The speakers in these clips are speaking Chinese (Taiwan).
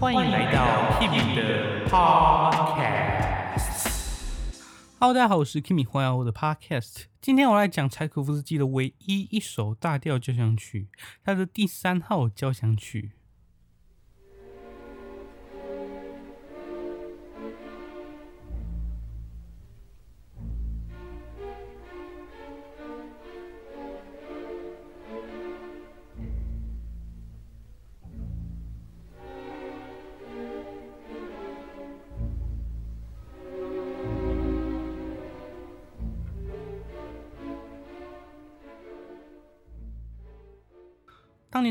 歡迎來到 Kimi 的 Podcast。哈嘍，大家好，我是 Kimi，歡迎來到我的 Podcast。今天我來講柴可夫斯基的唯一一首大調交響曲，它的第三號交響曲。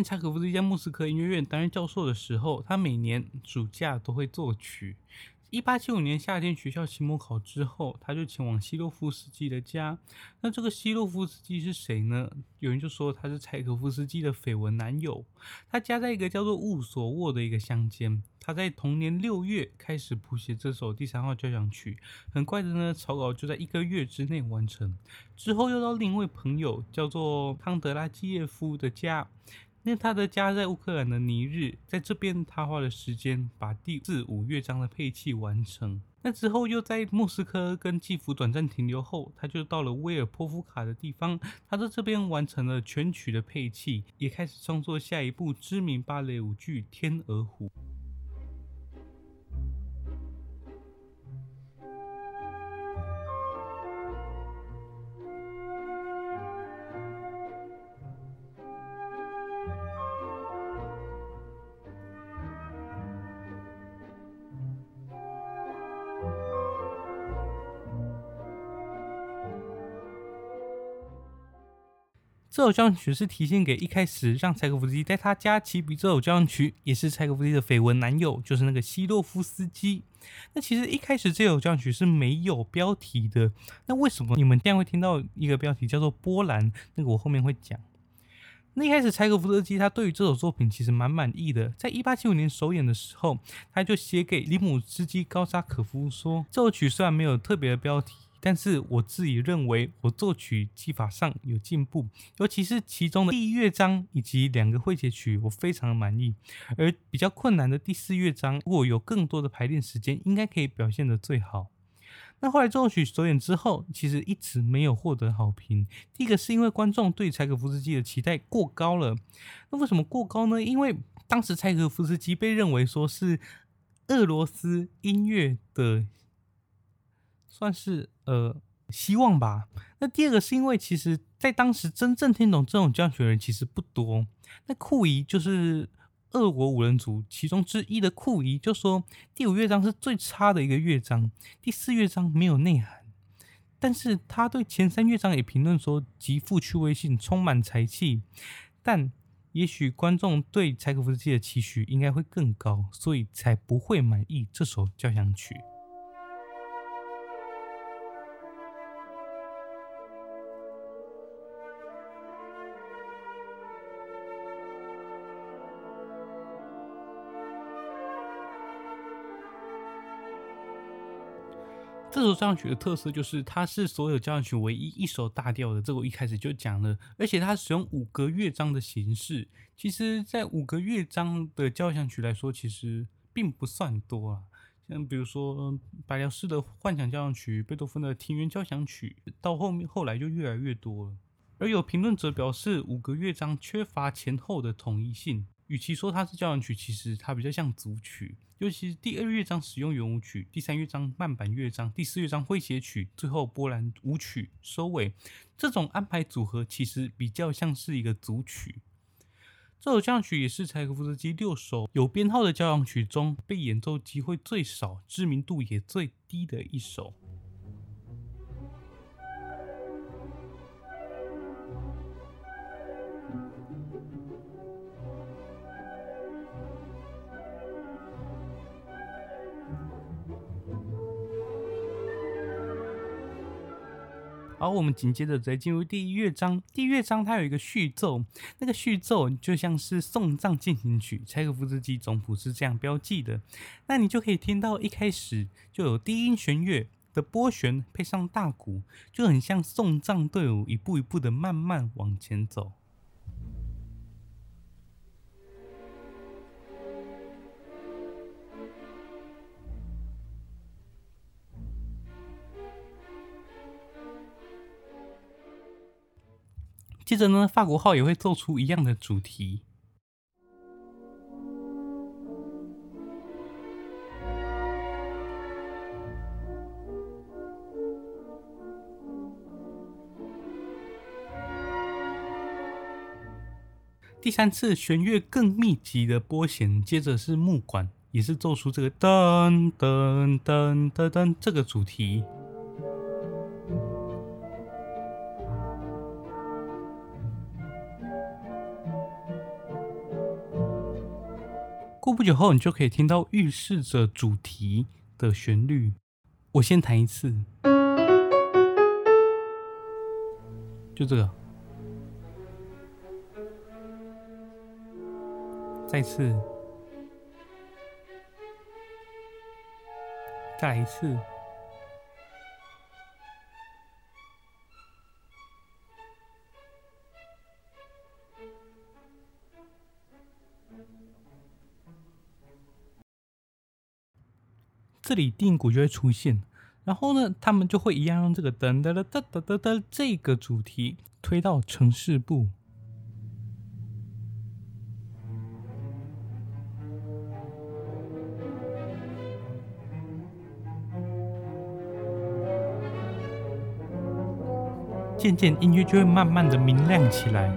柴可夫斯基在莫斯科音樂院擔任教授的時候，他每年暑假都會作曲。一八七五年夏天，學校期末考之後，他就前往希洛夫斯基的家。那這個希洛夫斯基是誰呢？有人就說他是柴可夫斯基的緋聞男友。他家在一個叫做烏索沃的一個鄉間。他在同年六月開始譜寫這首第三號交響曲，很快的呢，草稿就在一個月之內完成。之後又到另一位朋友，叫做康德拉基耶夫的家。那他的家在烏克蘭的尼日，在這邊他花了時間把第四、五樂章的配器完成。那之後又在莫斯科跟基輔短暫停留後，他就到了威爾波夫卡的地方，他在這邊完成了全曲的配器，也開始創作下一部知名芭蕾舞劇《天鵝湖》。這首交響曲是題獻給一開始讓柴可夫斯基在他家起筆這首交響曲，也是柴可夫斯基的緋聞男友，就是那個希洛夫斯基。那其實一開始這首交響曲是沒有標題的。那為什麼你們這樣會聽到一個標題叫做《波蘭》？那個我後面會講。那一開始柴可夫斯基他對於這首作品其實蠻滿，滿意的，在一八七五年首演的時候，他就寫給里姆斯基-高沙可夫說：“這首曲雖然沒有特別的標題。”但是我自己認為，我作曲技法上有進步，尤其是其中的第一樂章以及兩個詼諧曲，我非常的滿意。而比較困難的第四樂章，如果有更多的排練時間，應該可以表現得最好。那後來作曲首演之後，其實一直沒有獲得好評。第一個是因為觀眾對柴可夫斯基的期待過高了。那為什麼過高呢？因為當時柴可夫斯基被認為說是俄羅斯音樂的，算是。呃，希望吧。那第二個是因為，其實在當時真正聽懂這種交響曲的人其實不多。那庫伊就是俄國五人組其中之一的庫伊，就是說，第五樂章是最差的一個樂章，第四樂章沒有內涵。但是他對前三樂章也評論說極富趣味性，充滿才氣。但也許觀眾對柴可夫斯基的期許應該會更高，所以才不會滿意這首交響曲。這首交響曲的特色就是它是所有交響曲唯一一首大調的，這個我一開始就講了。而且它使用五個樂章的形式，其實，在五個樂章的交響曲來說，其實並不算多啊。像比如說，白遼士的幻想交響曲、貝多芬的田園交響曲，到後面後來就越來越多了。而有評論者表示，五個樂章缺乏前後的統一性，與其說它是交響曲，其實它比較像組曲。尤其是第二樂章使用圓舞曲，第三樂章慢板樂章，第四樂章詼諧曲，最後波蘭舞曲收尾，這種安排組合其實比較像是一個組曲。這首交響曲也是柴可夫斯基六首有編號的交響曲中被演奏機會最少、知名度也最低的一首。好，我們緊接着再進入第一樂章。第一樂章它有一個序奏，那個序奏就像是送葬進行曲。柴可夫斯基總譜是這樣標記的，那你就可以聽到一開始就有低音弦樂的撥弦配上大鼓，就很像送葬隊伍一步一步的慢慢往前走。接着呢，法國號也會奏出一樣的主題。第三次，弦樂更密集的撥弦，接着是木管，也是奏出這個噔噔噔噔噔這個主題。過不久後，你就可以聽到預示着主題的旋律。我先彈一次，就這個，再一次，再來一次。這裡定音鼓就會出現，然後呢，他們就會一樣用這個噔噔噔噔噔噔這個主題推到呈示部，漸漸音樂就會慢慢的明亮起來。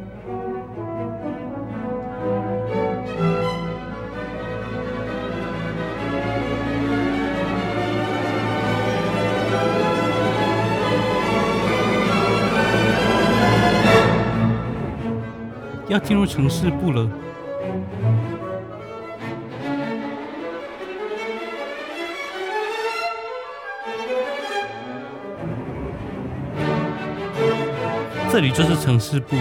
要進入呈示部了，這裡就是呈示部。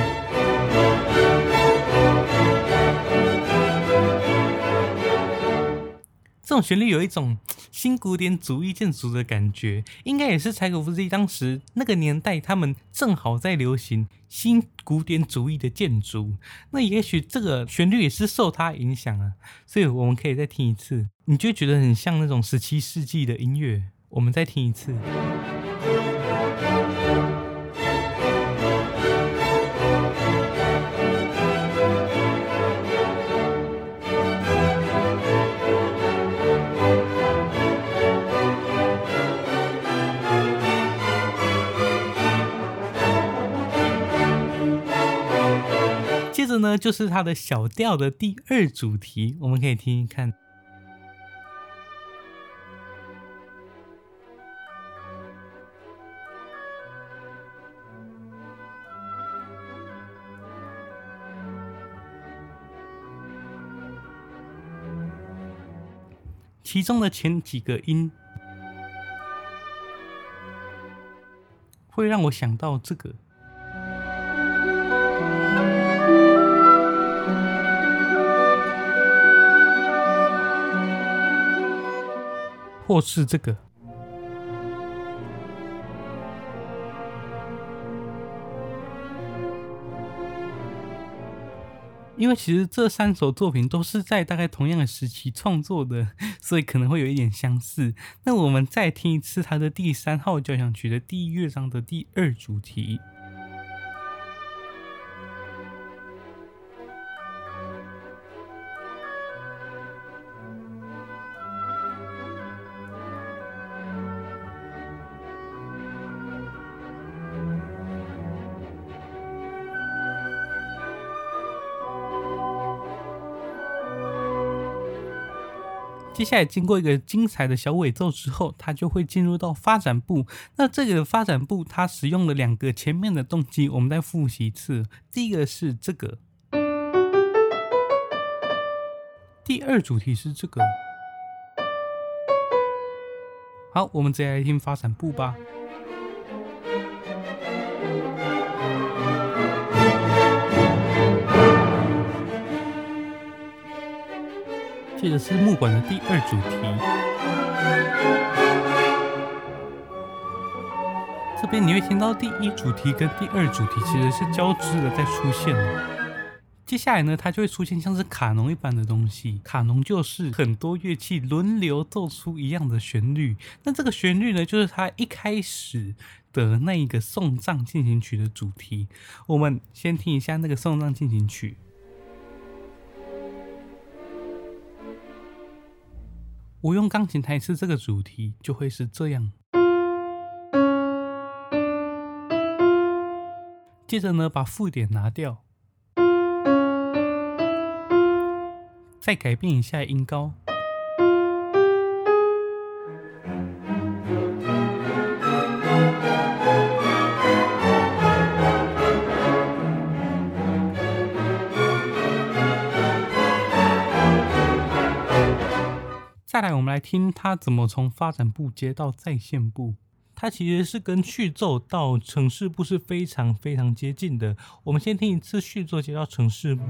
這種旋律有一種新古典主義建築的感覺，應該也是柴可夫斯基當時那個年代，他們正好在流行新古典主義的建築。那也許這個旋律也是受它影響啊，所以我們可以再聽一次，你就覺得很像那種十七世紀的音樂。我們再聽一次。就是他的小調的第二主題，我們可以聽聽看。其中的前幾個音，會讓我想到這個。或是這個，因為其實這三首作品都是在大概同樣的時期創作的，所以可能會有一點相似。那我們再聽一次他的第三號交響曲的第一樂章的第二主題。接下來經過一個精彩的小尾奏之後，它就會進入到發展部。那這個發展部它使用了兩個前面的動機，我們再複習一次。第一個是這個。第二主題是這個。好，我們直接來聽發展部吧。這個是木管的第二主題，這邊你會聽到第一主題跟第二主題其實是交織的在出現。接下來呢，它就會出現像是卡農一般的東西。卡農就是很多樂器輪流奏出一樣的旋律。那這個旋律呢，就是它一開始的那一個送葬進行曲的主題。我們先聽一下那個送葬進行曲。我用鋼琴彈一次這個主題，就會是這樣。接着呢，把附點拿掉，再改變一下音高。再來，我們來聽他怎麼從發展部接到再現部。他其實是跟序奏到呈示部是非常非常接近的。我們先聽一次序奏接到呈示部。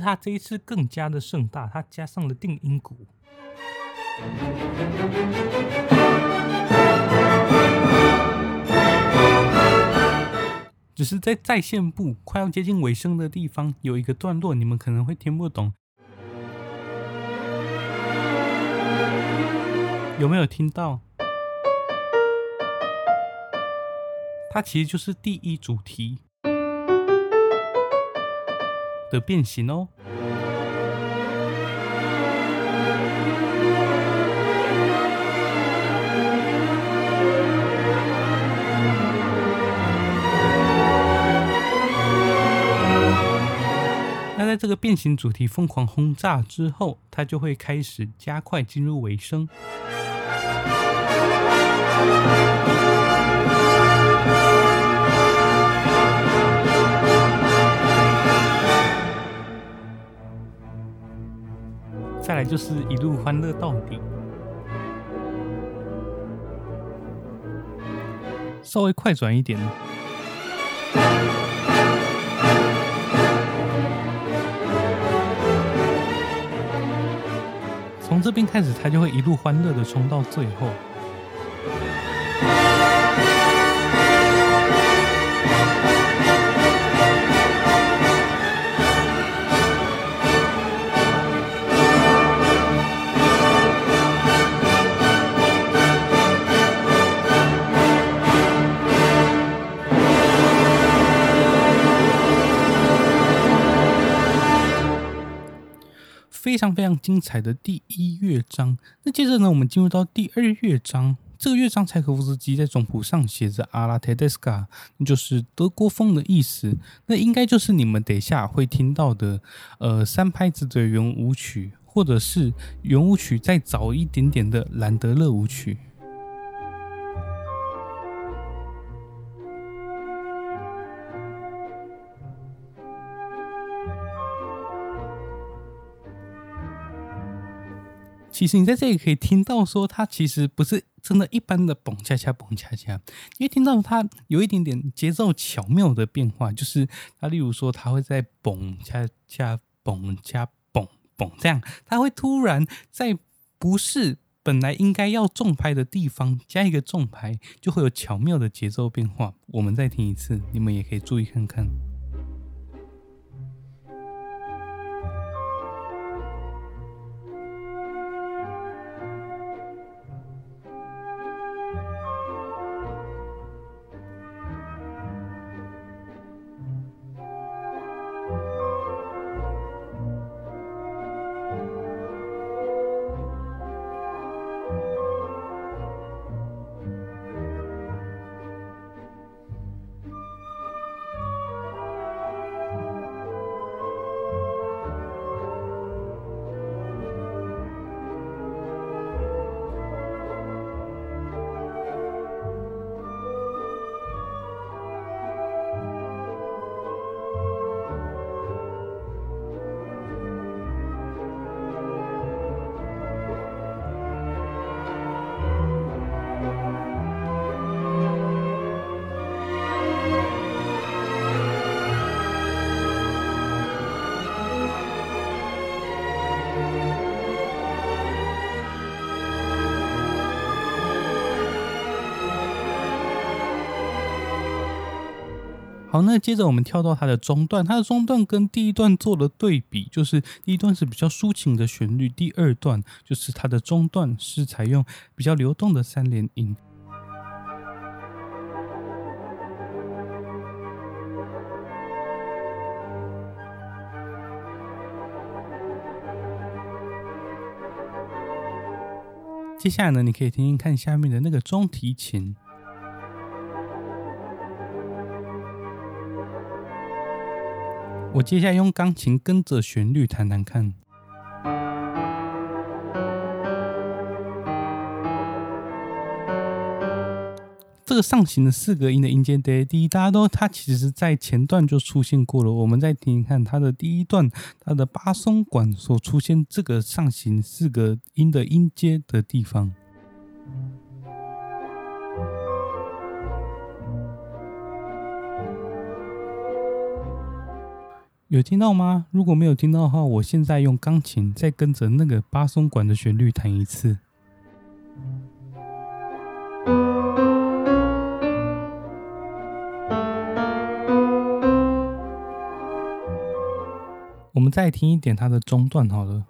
它這一次更加的盛大，它加上了定音鼓，只是在再現部快要接近尾聲的地方，有一個段落，你們可能會聽不懂，有沒有聽到？它其實就是第一主題的變形哦。那在這個變形主題瘋狂轟炸之後，它就會開始加快進入尾聲。再來就是一路歡樂到底，稍微快轉一點，從這邊開始，他就會一路歡樂的衝到最後。非常非常精彩的第一樂章。那接着呢，我們進入到第二樂章。這個樂章柴可夫斯基在總譜上寫着阿拉泰德斯卡，就是德國風的意思。那應該就是你們等一下會聽到的，呃，三拍子的圓舞、舞曲，或者是圓舞曲再早一點點的蘭德勒舞曲。其實你在這裡可以聽到，說它其實不是真的一般的蹦恰恰蹦恰恰，因為聽到它有一點點節奏巧妙的變化，就是它例如說它會在蹦恰恰蹦恰蹦蹦這樣，它會突然在不是本來應該要重拍的地方加一個重拍，就會有巧妙的節奏變化。我們再聽一次，你們也可以注意看看。那接着我們跳到它的中段，它的中段跟第一段做了對比，就是第一段是比較抒情的旋律，第二段就是它的中段是採用比較流動的三連音。接下來呢，你可以聽聽看下面的那個中提琴。我接下來用鋼琴跟着旋律彈彈看。這個上行的四個音的音階 D、A、D，大家都，它其實，在前段就出現過了。我們再聽聽看它的第一段，它的巴松管所出現這個上行四個音的音階的地方。有聽到嗎？如果沒有聽到的話，我現在用鋼琴再跟着那個巴松管的旋律彈一次。我們再聽一點它的中段好了。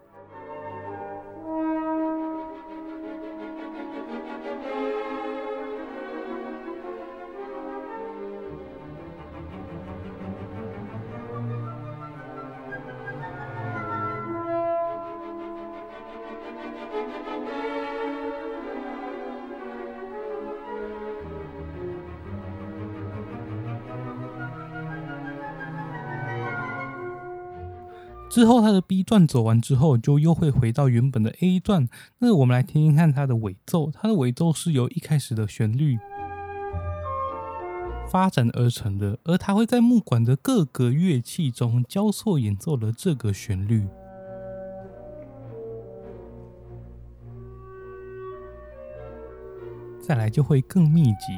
之後，他的 B 段走完之後，就又會回到原本的 A 段。那我們來聽聽看他的尾奏，他的尾奏是由一開始的旋律發展而成的，而他會在木管的各個樂器中交錯演奏了這個旋律。再來就會更密集。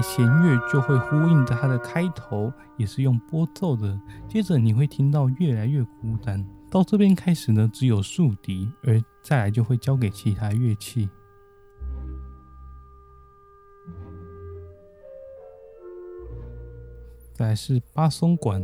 弦樂就會呼應在它的開頭，也是用撥奏的。接着你會聽到越來越孤單，到這邊開始呢，只有豎笛，而再來就會交給其他樂器。再來是巴松管。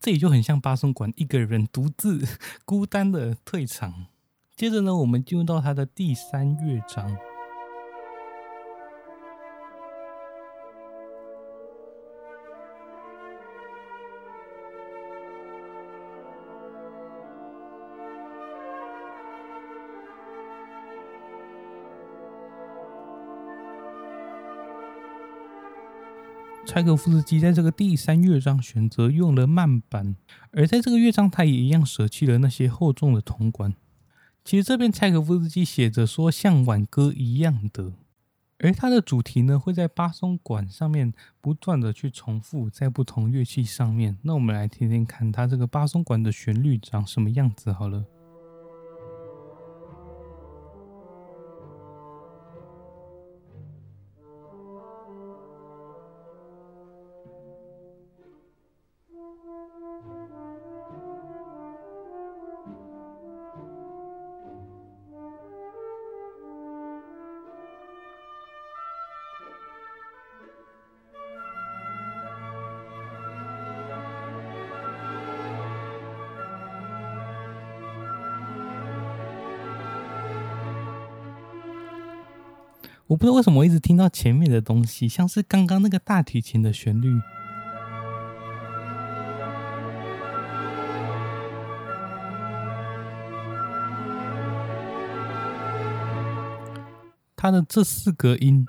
這也就很像巴松管，一個人獨自孤單的退場。接着呢，我們進入到他的第三樂章。柴可夫斯基在這個第三樂章選擇用了慢板，而在這個樂章他也一樣捨棄了那些厚重的銅管。其實這邊柴可夫斯基寫着說像輓歌一樣的，而它的主題呢，會在巴松管上面不斷的去重複在不同樂器上面。那我們來聽聽看它這個巴松管的旋律長什麼樣子好了。不知道為什麼我一直聽到前面的東西，像是剛剛那個大提琴的旋律，它的這四個音，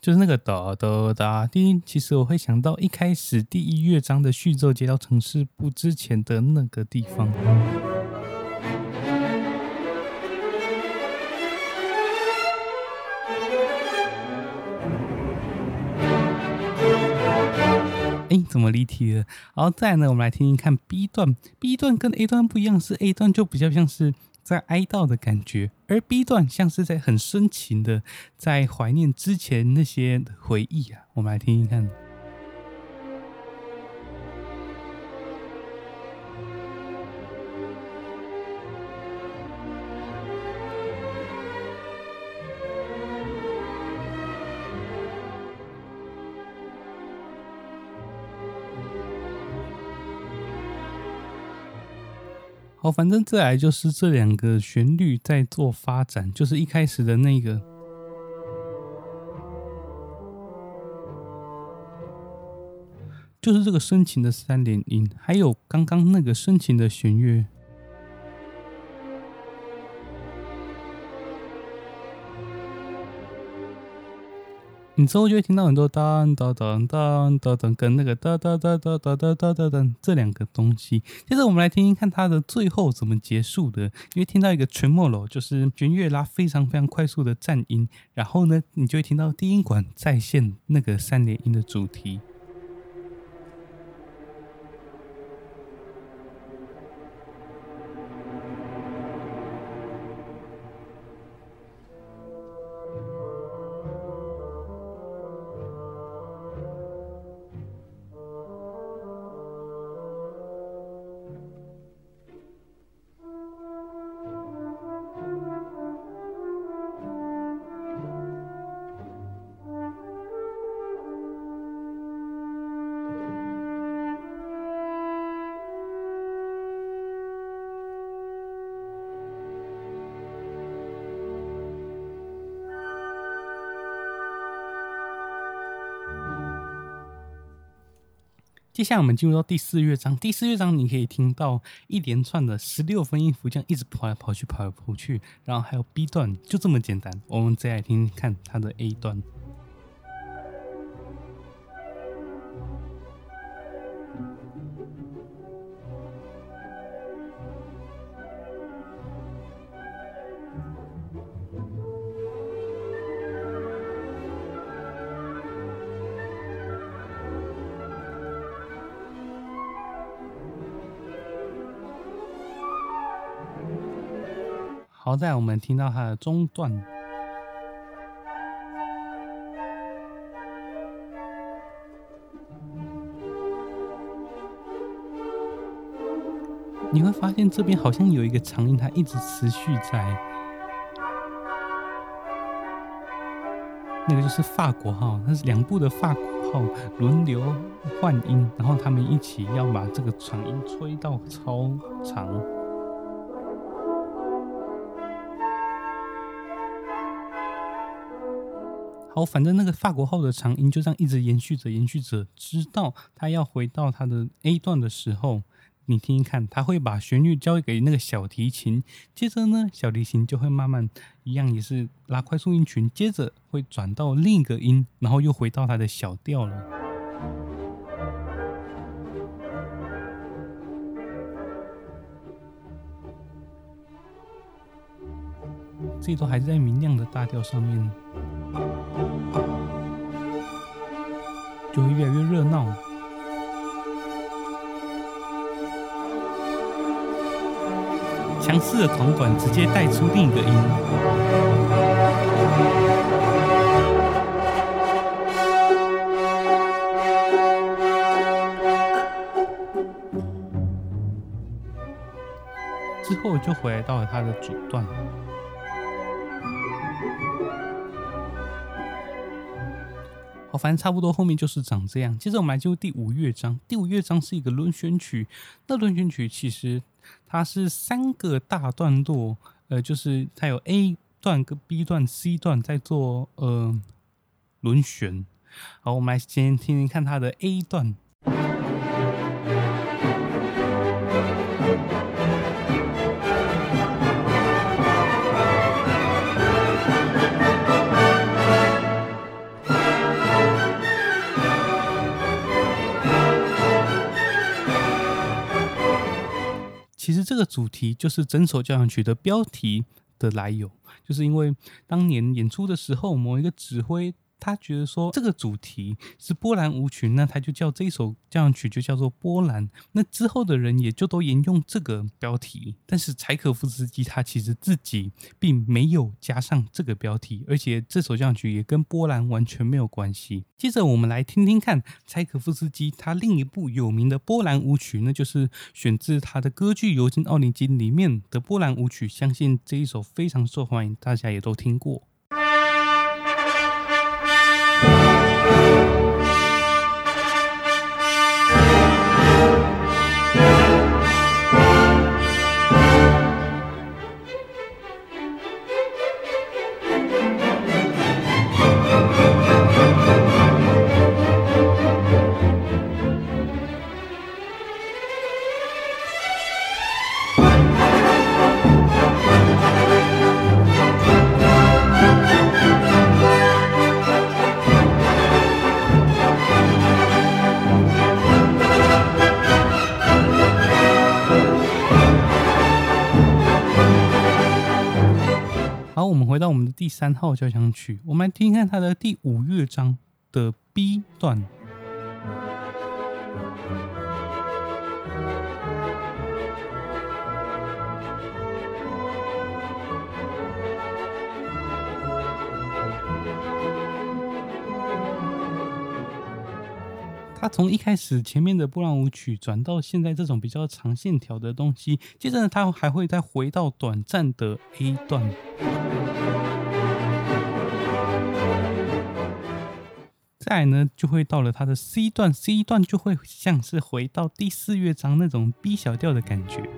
就是那個噠噠噠噠，其實我會想到一開始第一樂章的序奏接到呈示部之前的那個地方。怎麼離題了？然後再來呢，我們來聽聽看 B 段。B 段跟 A 段不一樣，是 A 段就比較像是在哀悼的感覺，而 B 段像是在很深情的在懷念之前那些回憶啊。我們來聽聽看。哦，反正再來就是這兩個旋律在做發展，就是一開始的那個，就是這個深情的三連音，還有剛剛那個深情的弦樂。你之後就會聽到很多當當當當當當跟那個當當當當當當當當這兩個東西。接着我們來聽聽看它的最後怎麼結束的，因為聽到一個 tremolo，就是弦樂拉非常非常快速的顫音，然後呢，你就會聽到低音管再現那個三連音的主題。接下來我們進入到第四樂章。第四樂章你可以聽到一連串的十六分音符，這樣一直跑來跑去，跑來跑去。然後還有 B 段，就這麼簡單。我們再來聽聽看它的 A 段。好，再來我們聽到它的中段，你會發現這邊好像有一個長音，它一直持續在。那個就是法國號，它是兩部的法國號輪流換音，然後他們一起要把這個長音吹到超長。哦，反正那個法國號的長音就這樣一直延續着，延續着，直到他要回到他的 A 段的時候，你聽聽看，他會把旋律交給那個小提琴，接着呢，小提琴就會慢慢一樣，也是拉快速音群，接着會轉到另一個音，然後又回到他的小調了，這都還是在明亮的大調上面。就越來越熱鬧。強勢的銅管直接帶出另一個音，之後就回來到了它的主段。反正差不多，後面就是長這樣。接着我們來進入第五樂章。第五樂章是一個輪旋曲。那輪旋曲其實它是三個大段落，呃，就是它有 A 段，跟 B 段、C 段在做呃輪旋。好，我們來先聽聽看它的 A 段。其實這個主題就是整首交響曲的標題的來由，就是因為當年演出的時候，某一個指揮。他覺得說這個主題是波蘭舞曲，那他就叫這一首交響曲就叫做《波蘭》。那之後的人也就都沿用這個標題。但是柴可夫斯基他其實自己並沒有加上這個標題，而且這首交響曲也跟《波蘭》完全沒有關係。接着我們來聽聽看柴可夫斯基他另一部有名的《波蘭舞曲》，那就是選自他的歌劇《尤金奧涅金》裡面的《波蘭舞曲》。相信這一首非常受歡迎，大家也都聽過。我們回到我們的第三號交響曲，我們來聽一看它的第五樂章的 B 段。從一開始，前面的波蘭舞曲轉到現在這種比較長線條的東西，接着呢，它還會再回到短暫的 A 段，再來呢就會到了它的 C 段，C 段就會像是回到第四樂章那種 B 小調的感覺。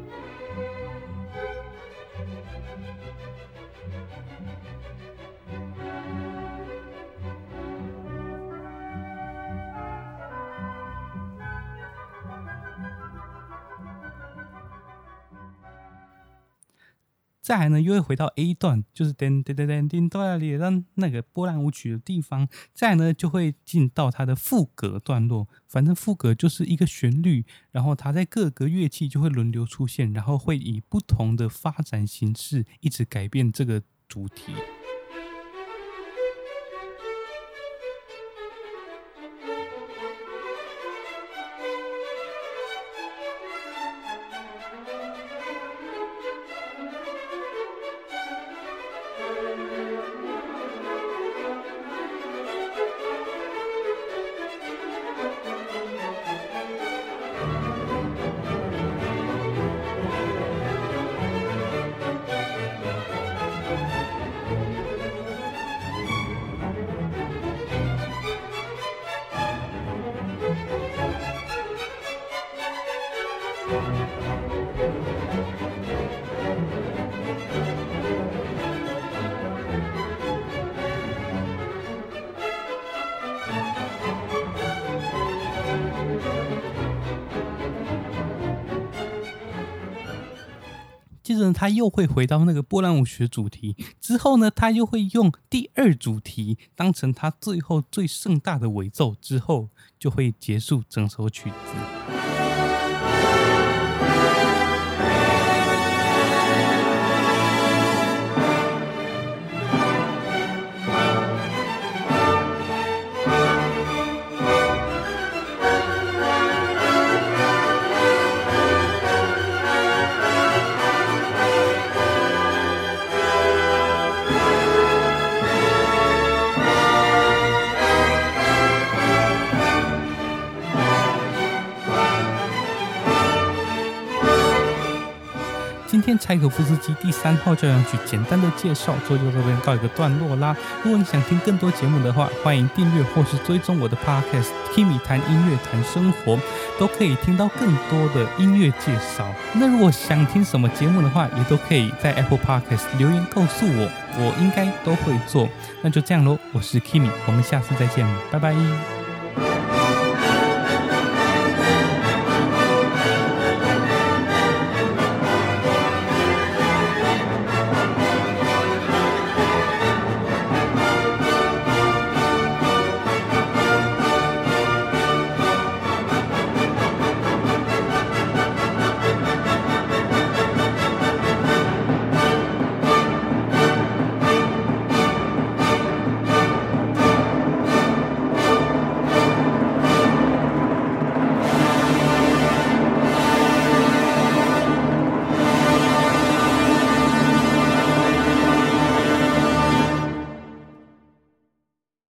再來呢，又會回到 A 段，就是噔噔噔噔噔，到那裡讓那個波蘭舞曲的地方。再來呢，就會進到它的賦格段落。反正賦格就是一個旋律，然後它在各個樂器就會輪流出現，然後會以不同的發展形式一直改變這個主題。接着他又會回到那個波蘭舞曲主題，之後呢，他又會用第二主題當成他最後最盛大的尾奏，之後就會結束整首曲子。《今天柴可夫斯基第三號交響曲》簡單的介紹，所以就這邊告一個段落啦。如果你想聽更多節目的話，歡迎訂閱或是追蹤我的 Podcast，Kimi 談音樂談生活，都可以聽到更多的音樂介紹。那如果想聽什麼節目的話，也都可以在 Apple Podcast 留言告訴我，我應該都會做。那就這樣嘍，我是 Kimi，我們下次再見，拜拜。